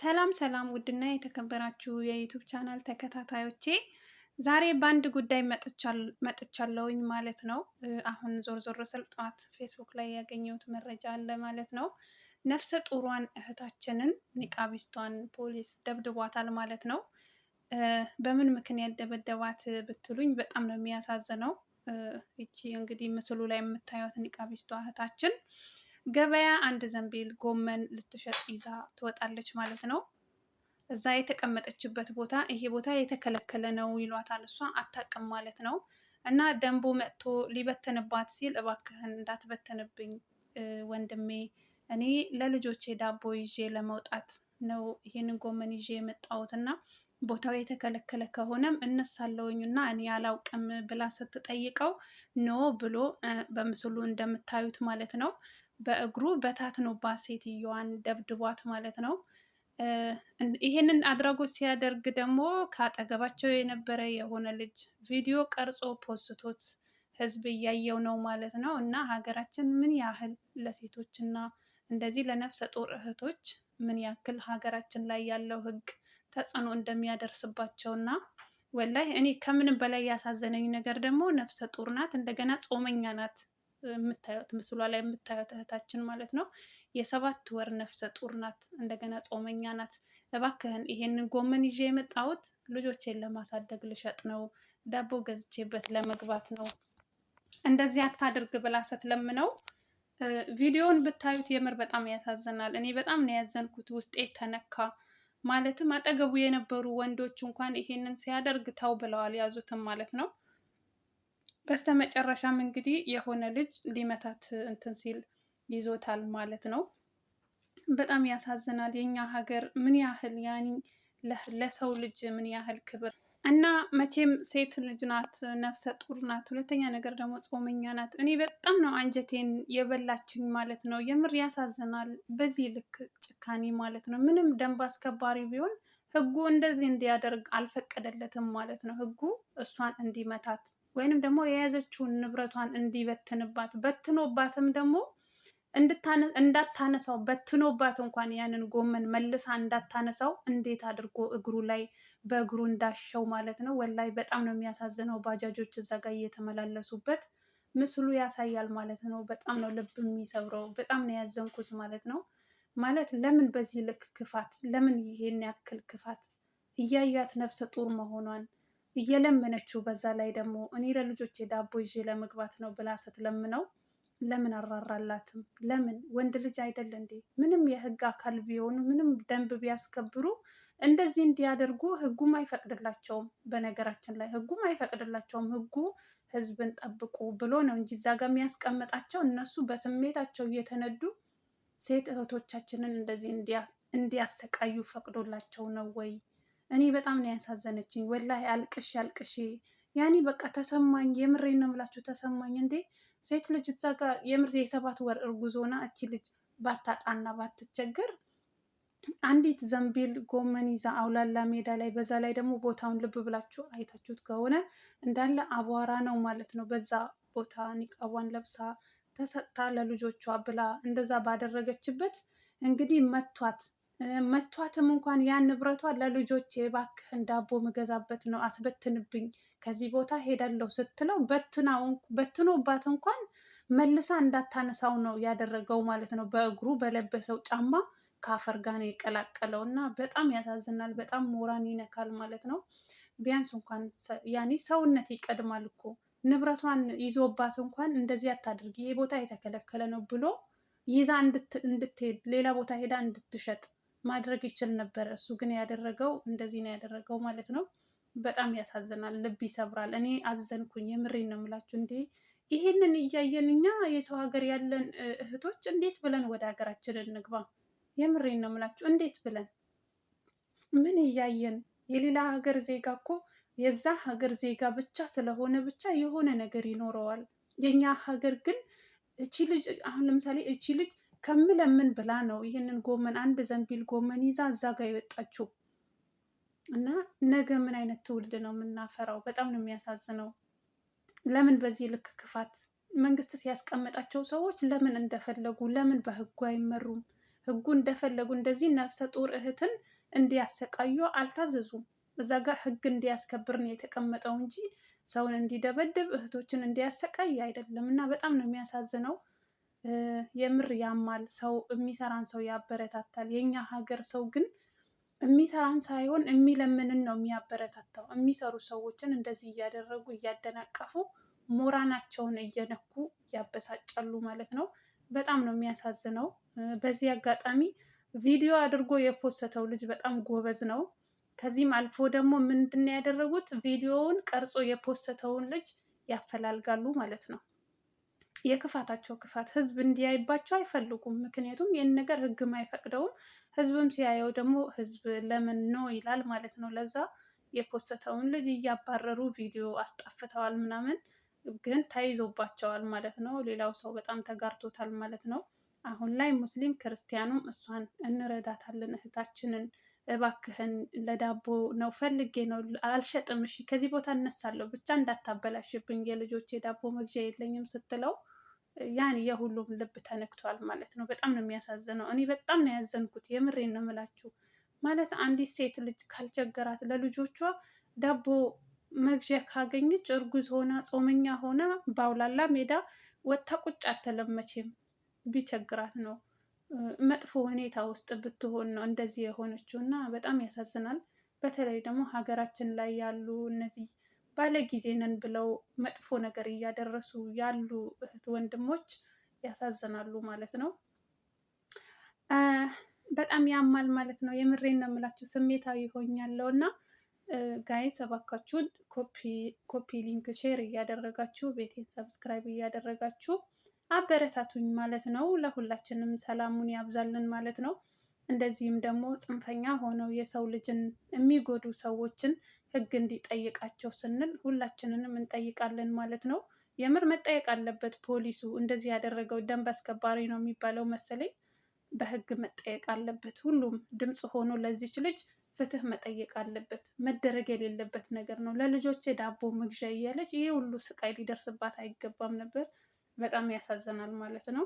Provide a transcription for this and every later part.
ሰላም ሰላም፣ ውድና የተከበራችሁ የዩቱብ ቻናል ተከታታዮቼ ዛሬ በአንድ ጉዳይ መጥቻለውኝ ማለት ነው። አሁን ዞር ዞር ስል ጠዋት ፌስቡክ ላይ ያገኘሁት መረጃ አለ ማለት ነው። ነፍሰ ጡሯን እህታችንን ኒቃቢስቷን ፖሊስ ደብድቧታል ማለት ነው። በምን ምክንያት ደበደባት ብትሉኝ በጣም ነው የሚያሳዝነው። ይቺ እንግዲህ ምስሉ ላይ የምታዩት ኒቃቢስቷ እህታችን ገበያ አንድ ዘንቢል ጎመን ልትሸጥ ይዛ ትወጣለች ማለት ነው። እዛ የተቀመጠችበት ቦታ ይሄ ቦታ የተከለከለ ነው ይሏታል። እሷ አታውቅም ማለት ነው። እና ደንቡ መጥቶ ሊበተንባት ሲል እባክህን እንዳትበተንብኝ ወንድሜ፣ እኔ ለልጆቼ ዳቦ ይዤ ለመውጣት ነው ይህንን ጎመን ይዤ የመጣሁት እና ቦታው የተከለከለ ከሆነም እነሳለሁኝ እና እኔ አላውቅም ብላ ስትጠይቀው ኖ ብሎ በምስሉ እንደምታዩት ማለት ነው በእግሩ በታትኖባት ሴትዮዋን ደብድቧት ማለት ነው። ይህንን አድራጎት ሲያደርግ ደግሞ ከአጠገባቸው የነበረ የሆነ ልጅ ቪዲዮ ቀርጾ ፖስቶት ህዝብ እያየው ነው ማለት ነው። እና ሀገራችን ምን ያህል ለሴቶች እና እንደዚህ ለነፍሰ ጡር እህቶች ምን ያክል ሀገራችን ላይ ያለው ህግ ተጽዕኖ እንደሚያደርስባቸው እና ወላይ እኔ ከምንም በላይ ያሳዘነኝ ነገር ደግሞ ነፍሰ ጡር ናት፣ እንደገና ጾመኛ ናት። የምታዩት ምስሏ ላይ የምታዩት እህታችን ማለት ነው የሰባት ወር ነፍሰ ጡር ናት። እንደገና ጾመኛ ናት። እባክህን ይሄንን ጎመን ይዤ የመጣሁት ልጆቼን ለማሳደግ ልሸጥ ነው፣ ዳቦ ገዝቼበት ለመግባት ነው፣ እንደዚህ አታድርግ ብላ ስትለምነው ቪዲዮውን ብታዩት የምር በጣም ያሳዝናል። እኔ በጣም ነው ያዘንኩት። ውስጤ ተነካ። ማለትም አጠገቡ የነበሩ ወንዶች እንኳን ይሄንን ሲያደርግ ተው ብለዋል፣ ያዙትም ማለት ነው። በስተመጨረሻም እንግዲህ የሆነ ልጅ ሊመታት እንትን ሲል ይዞታል ማለት ነው። በጣም ያሳዝናል። የኛ ሀገር ምን ያህል ያኒ ለሰው ልጅ ምን ያህል ክብር እና መቼም ሴት ልጅ ናት፣ ነፍሰ ጡር ናት። ሁለተኛ ነገር ደግሞ ጾመኛ ናት። እኔ በጣም ነው አንጀቴን የበላችኝ ማለት ነው። የምር ያሳዝናል። በዚህ ልክ ጭካኔ ማለት ነው። ምንም ደንብ አስከባሪ ቢሆን ህጉ እንደዚህ እንዲያደርግ አልፈቀደለትም ማለት ነው። ህጉ እሷን እንዲመታት ወይንም ደግሞ የያዘችውን ንብረቷን እንዲበትንባት በትኖባትም ደግሞ እንዳታነሳው በትኖባት እንኳን ያንን ጎመን መልሳ እንዳታነሳው እንዴት አድርጎ እግሩ ላይ በእግሩ እንዳሸው ማለት ነው። ወላይ በጣም ነው የሚያሳዝነው። ባጃጆች እዛ ጋር እየተመላለሱበት ምስሉ ያሳያል ማለት ነው። በጣም ነው ልብ የሚሰብረው። በጣም ነው ያዘንኩት ማለት ነው። ማለት ለምን በዚህ ልክ ክፋት፣ ለምን ይሄን ያክል ክፋት እያያት ነፍሰ ጡር መሆኗን እየለመነችው በዛ ላይ ደግሞ እኔ ለልጆቼ ዳቦ ይዤ ለመግባት ነው ብላ ስትለምነው ለምን አራራላትም? ለምን ወንድ ልጅ አይደል እንዴ? ምንም የህግ አካል ቢሆኑ ምንም ደንብ ቢያስከብሩ እንደዚህ እንዲያደርጉ ህጉም አይፈቅድላቸውም። በነገራችን ላይ ህጉም አይፈቅድላቸውም። ህጉ ህዝብን ጠብቁ ብሎ ነው እንጂ እዛ ጋር የሚያስቀምጣቸው እነሱ በስሜታቸው እየተነዱ ሴት እህቶቻችንን እንደዚህ እንዲያሰቃዩ ፈቅዶላቸው ነው ወይ? እኔ በጣም ነው ያሳዘነችኝ። ወላሂ አልቅሽ አልቅሽ ያኔ በቃ ተሰማኝ። የምሬ ነው የምላችሁ ተሰማኝ። እንዴ ሴት ልጅ እዛ የምር የሰባት ወር እርጉዝ እቺ ልጅ ባታጣና ባትቸገር አንዲት ዘንቢል ጎመን ይዛ አውላላ ሜዳ ላይ በዛ ላይ ደግሞ ቦታውን ልብ ብላችሁ አይታችሁት ከሆነ እንዳለ አቧራ ነው ማለት ነው። በዛ ቦታ ኒቃቧን ለብሳ ተሰጥታ ለልጆቿ ብላ እንደዛ ባደረገችበት እንግዲህ መቷት። መቷትም እንኳን ያን ንብረቷ ለልጆች እባክህን ዳቦ ምገዛበት ነው አትበትንብኝ፣ ከዚህ ቦታ ሄዳለሁ ስትለው በትኖባት እንኳን መልሳ እንዳታነሳው ነው ያደረገው ማለት ነው። በእግሩ በለበሰው ጫማ ከአፈር ጋር ነው የቀላቀለው እና በጣም ያሳዝናል። በጣም ሞራን ይነካል ማለት ነው። ቢያንስ እንኳን ያኔ ሰውነት ይቀድማል እኮ ንብረቷን ይዞባት እንኳን እንደዚህ አታድርግ፣ ይሄ ቦታ የተከለከለ ነው ብሎ ይዛ እንድትሄድ ሌላ ቦታ ሄዳ እንድትሸጥ ማድረግ ይችል ነበር እሱ ግን ያደረገው እንደዚህ ነው ያደረገው ማለት ነው። በጣም ያሳዝናል፣ ልብ ይሰብራል። እኔ አዘንኩኝ። የምሬ ነው የምላችሁ። እንዴ ይህንን እያየን እኛ የሰው ሀገር ያለን እህቶች እንዴት ብለን ወደ ሀገራችን እንግባ? የምሬ ነው የምላችሁ። እንዴት ብለን ምን እያየን የሌላ ሀገር ዜጋ እኮ የዛ ሀገር ዜጋ ብቻ ስለሆነ ብቻ የሆነ ነገር ይኖረዋል። የኛ ሀገር ግን እቺ ልጅ አሁን ለምሳሌ እቺ ልጅ ከምለምን ብላ ነው ይህንን ጎመን አንድ ዘንቢል ጎመን ይዛ እዛ ጋር የወጣችው እና ነገ ምን አይነት ትውልድ ነው የምናፈራው? በጣም ነው የሚያሳዝነው። ለምን በዚህ ልክ ክፋት መንግስት ሲያስቀምጣቸው ሰዎች ለምን እንደፈለጉ ለምን በህጉ አይመሩም? ህጉ እንደፈለጉ እንደዚህ ነፍሰ ጡር እህትን እንዲያሰቃዩ አልታዘዙም። እዛ ጋር ህግ እንዲያስከብር ነው የተቀመጠው እንጂ ሰውን እንዲደበድብ እህቶችን እንዲያሰቃይ አይደለም። እና በጣም ነው የሚያሳዝነው። የምር ያማል። ሰው የሚሰራን ሰው ያበረታታል። የኛ ሀገር ሰው ግን የሚሰራን ሳይሆን የሚለምንን ነው የሚያበረታታው። የሚሰሩ ሰዎችን እንደዚህ እያደረጉ እያደናቀፉ ሞራናቸውን እየነኩ ያበሳጫሉ ማለት ነው። በጣም ነው የሚያሳዝነው። በዚህ አጋጣሚ ቪዲዮ አድርጎ የፖሰተው ልጅ በጣም ጎበዝ ነው። ከዚህም አልፎ ደግሞ ምንድን ነው ያደረጉት? ቪዲዮውን ቀርጾ የፖሰተውን ልጅ ያፈላልጋሉ ማለት ነው። የክፋታቸው ክፋት ህዝብ እንዲያይባቸው አይፈልጉም። ምክንያቱም ይህን ነገር ህግም አይፈቅደውም። ህዝብም ሲያየው ደግሞ ህዝብ ለምን ነው ይላል ማለት ነው። ለዛ የፖስተውን ልጅ እያባረሩ ቪዲዮ አስጠፍተዋል ምናምን፣ ግን ተይዞባቸዋል ማለት ነው። ሌላው ሰው በጣም ተጋርቶታል ማለት ነው። አሁን ላይ ሙስሊም ክርስቲያኑም እሷን እንረዳታለን እህታችንን እባክህን ለዳቦ ነው ፈልጌ ነው አልሸጥም፣ እሺ ከዚህ ቦታ እነሳለሁ ብቻ እንዳታበላሽብኝ የልጆች የዳቦ መግዣ የለኝም ስትለው ያን የሁሉም ልብ ተነክቷል ማለት ነው። በጣም ነው የሚያሳዝነው። እኔ በጣም ነው ያዘንኩት። የምሬን ነው የምላችሁ። ማለት አንዲት ሴት ልጅ ካልቸገራት ለልጆቿ ዳቦ መግዣ ካገኘች እርጉዝ ሆና ጾመኛ ሆና ባውላላ ሜዳ ወጥታ ቁጭ አትልም ቢቸግራት ነው መጥፎ ሁኔታ ውስጥ ብትሆን ነው እንደዚህ የሆነችው እና በጣም ያሳዝናል። በተለይ ደግሞ ሀገራችን ላይ ያሉ እነዚህ ባለጊዜ ነን ብለው መጥፎ ነገር እያደረሱ ያሉ እህት ወንድሞች ያሳዝናሉ ማለት ነው። በጣም ያማል ማለት ነው። የምሬን ነው የምላችሁ ስሜታዊ ሆኛለሁ እና ጋይስ እባካችሁን ኮፒ ሊንክ ሼር እያደረጋችሁ ቤቴን ሰብስክራይብ እያደረጋችሁ አበረታቱኝ ማለት ነው። ለሁላችንም ሰላሙን ያብዛልን ማለት ነው። እንደዚህም ደግሞ ጽንፈኛ ሆነው የሰው ልጅን የሚጎዱ ሰዎችን ህግ እንዲጠይቃቸው ስንል ሁላችንንም እንጠይቃለን ማለት ነው። የምር መጠየቅ አለበት። ፖሊሱ እንደዚህ ያደረገው ደንብ አስከባሪ ነው የሚባለው መሰለኝ። በህግ መጠየቅ አለበት። ሁሉም ድምፅ ሆኖ ለዚች ልጅ ፍትህ መጠየቅ አለበት። መደረግ የሌለበት ነገር ነው። ለልጆች የዳቦ መግዣ እያለች ይሄ ሁሉ ስቃይ ሊደርስባት አይገባም ነበር። በጣም ያሳዝናል ማለት ነው።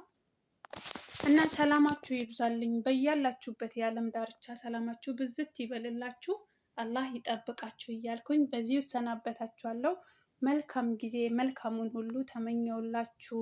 እና ሰላማችሁ ይብዛልኝ። በያላችሁበት የዓለም ዳርቻ ሰላማችሁ ብዝት ይበልላችሁ፣ አላህ ይጠብቃችሁ እያልኩኝ በዚሁ እሰናበታችኋለሁ። መልካም ጊዜ መልካሙን ሁሉ ተመኘውላችሁ።